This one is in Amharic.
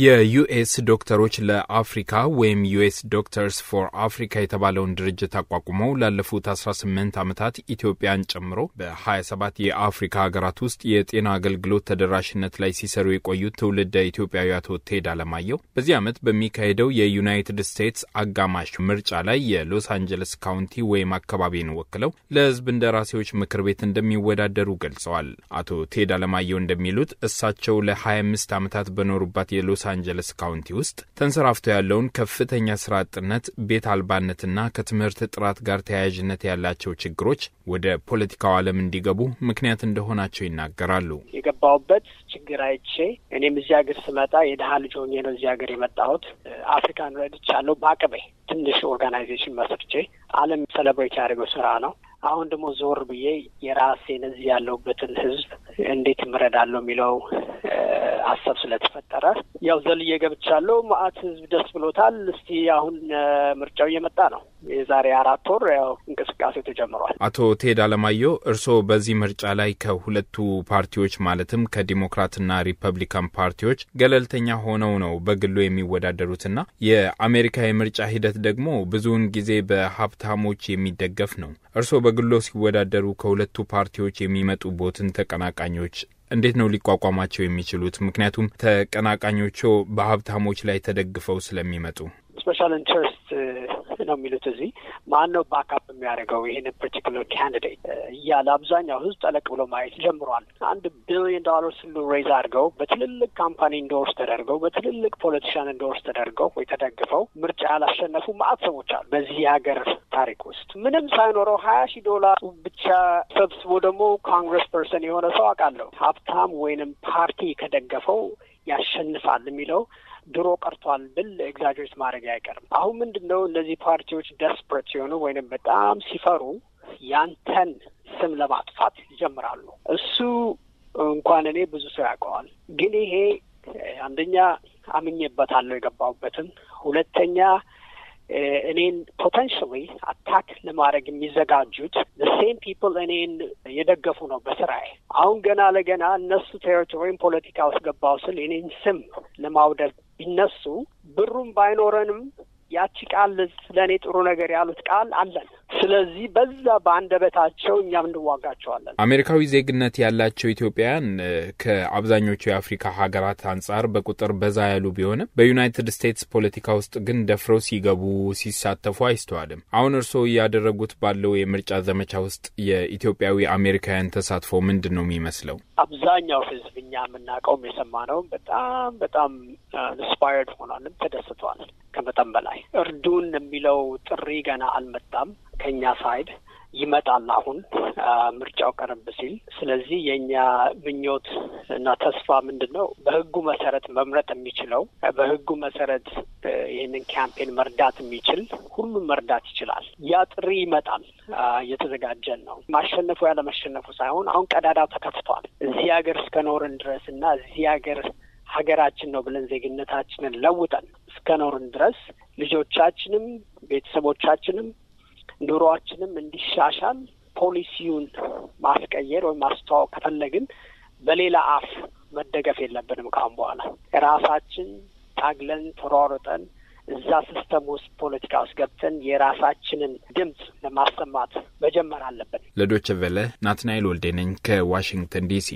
የዩኤስ ዶክተሮች ለአፍሪካ ወይም ዩኤስ ዶክተርስ ፎር አፍሪካ የተባለውን ድርጅት አቋቁመው ላለፉት 18 ዓመታት ኢትዮጵያን ጨምሮ በ27 የአፍሪካ ሀገራት ውስጥ የጤና አገልግሎት ተደራሽነት ላይ ሲሰሩ የቆዩት ትውልደ ኢትዮጵያዊ አቶ ቴድ አለማየሁ በዚህ ዓመት በሚካሄደው የዩናይትድ ስቴትስ አጋማሽ ምርጫ ላይ የሎስ አንጀለስ ካውንቲ ወይም አካባቢን ወክለው ለሕዝብ እንደራሴዎች ምክር ቤት እንደሚወዳደሩ ገልጸዋል። አቶ ቴድ አለማየሁ እንደሚሉት እሳቸው ለ25 ዓመታት በኖሩባት የሎስ ሎስ አንጀለስ ካውንቲ ውስጥ ተንሰራፍቶ ያለውን ከፍተኛ ስራ አጥነት፣ ቤት አልባነትና ከትምህርት ጥራት ጋር ተያያዥነት ያላቸው ችግሮች ወደ ፖለቲካው ዓለም እንዲገቡ ምክንያት እንደሆናቸው ይናገራሉ። የገባውበት ችግር አይቼ እኔም እዚህ ሀገር ስመጣ የድሀ ልጅ ሆኜ ነው እዚህ ሀገር የመጣሁት። አፍሪካን ረድቻለሁ በአቅሜ ትንሽ ኦርጋናይዜሽን መስርቼ ዓለም ሰለብሬት ያደርገው ስራ ነው። አሁን ደግሞ ዞር ብዬ የራሴን እዚህ ያለሁበትን ህዝብ እንዴት እምረዳለሁ የሚለው ሀሳብ ስለተፈጠረ ያው ዘልዬ ገብቻለሁ። ማአት ህዝብ ደስ ብሎታል። እስቲ አሁን ምርጫው እየመጣ ነው። የዛሬ አራት ወር ያው እንቅስቃሴ ተጀምሯል። አቶ ቴድ አለማየሁ እርስዎ በዚህ ምርጫ ላይ ከሁለቱ ፓርቲዎች ማለትም ከዲሞክራትና ሪፐብሊካን ፓርቲዎች ገለልተኛ ሆነው ነው በግሎ የሚወዳደሩትና የአሜሪካ የምርጫ ሂደት ደግሞ ብዙውን ጊዜ በሀብታሞች የሚደገፍ ነው። እርስዎ በግሎ ሲወዳደሩ ከሁለቱ ፓርቲዎች የሚመጡ ቦትን ተቀናቃኞች እንዴት ነው ሊቋቋማቸው የሚችሉት? ምክንያቱም ተቀናቃኞቹ በሀብታሞች ላይ ተደግፈው ስለሚመጡ ስፔሻል ኢንትረስት ምንድን ነው የሚሉት እዚህ ማን ነው ባካፕ የሚያደርገው ይህን ፐርቲኩለር ካንዲዴት እያለ አብዛኛው ህዝብ ጠለቅ ብሎ ማየት ጀምሯል። አንድ ቢሊዮን ዶላር ስሉ ሬዝ አድርገው በትልልቅ ካምፓኒ እንደወርስ ተደርገው በትልልቅ ፖለቲሽያን እንደወርስ ተደርገው ወይ ተደግፈው ምርጫ ያላሸነፉ ማአት ሰዎች አሉ በዚህ ሀገር ታሪክ ውስጥ ምንም ሳይኖረው ሀያ ሺህ ዶላር ብቻ ሰብስቦ ደግሞ ኮንግረስ ፐርሰን የሆነ ሰው አውቃለሁ ሀብታም ወይንም ፓርቲ ከደገፈው ያሸንፋል የሚለው ድሮ ቀርቷል ብል ኤግዛጆሬት ማድረግ አይቀርም። አሁን ምንድን ነው እነዚህ ፓርቲዎች ደስፕሬት ሲሆኑ ወይንም በጣም ሲፈሩ ያንተን ስም ለማጥፋት ይጀምራሉ። እሱ እንኳን እኔ ብዙ ሰው ያውቀዋል። ግን ይሄ አንደኛ አምኜበታለሁ የገባሁበትን፣ ሁለተኛ እኔን ፖተንሽሊ አታክ ለማድረግ የሚዘጋጁት ሴም ፒፕል እኔን የደገፉ ነው በስራዬ። አሁን ገና ለገና እነሱ ቴሪቶሪን ፖለቲካ ውስጥ ገባው ስል እኔን ስም ለማውደድ ቢነሱ ብሩም ባይኖረንም ያቺ ቃል ለእኔ ጥሩ ነገር ያሉት ቃል አለን ስለዚህ በዛ በአንደበታቸው እኛም እንዋጋቸዋለን። አሜሪካዊ ዜግነት ያላቸው ኢትዮጵያውያን ከአብዛኞቹ የአፍሪካ ሀገራት አንጻር በቁጥር በዛ ያሉ ቢሆንም በዩናይትድ ስቴትስ ፖለቲካ ውስጥ ግን ደፍረው ሲገቡ ሲሳተፉ አይስተዋልም። አሁን እርስዎ እያደረጉት ባለው የምርጫ ዘመቻ ውስጥ የኢትዮጵያዊ አሜሪካውያን ተሳትፎ ምንድን ነው የሚመስለው? አብዛኛው ህዝብ እኛ የምናውቀውም የሰማነውም በጣም በጣም ኢንስፓየርድ ሆኗልም ተደስቷል። ከመጠን በላይ እርዱን የሚለው ጥሪ ገና አልመጣም። ከኛ ሳይድ ይመጣል አሁን ምርጫው ቀረብ ሲል። ስለዚህ የእኛ ምኞት እና ተስፋ ምንድን ነው? በህጉ መሰረት መምረጥ የሚችለው በህጉ መሰረት ይህንን ካምፔን መርዳት የሚችል ሁሉም መርዳት ይችላል። ያ ጥሪ ይመጣል። እየተዘጋጀን ነው። ማሸነፉ ያለመሸነፉ ሳይሆን አሁን ቀዳዳው ተከፍቷል። እዚህ ሀገር እስከኖርን ድረስ እና እዚህ ሀገር ሀገራችን ነው ብለን ዜግነታችንን ለውጠን እስከኖርን ድረስ ልጆቻችንም ቤተሰቦቻችንም ኑሯችንም እንዲሻሻል ፖሊሲውን ማስቀየር ወይም ማስተዋወቅ ከፈለግን በሌላ አፍ መደገፍ የለብንም። ካሁን በኋላ ራሳችን ታግለን ተሯርጠን እዛ ሲስተም ውስጥ ፖለቲካ ውስጥ ገብተን የራሳችንን ድምፅ ለማሰማት መጀመር አለብን። ለዶችቨለ ናትናኤል ወልዴ ነኝ ከዋሽንግተን ዲሲ።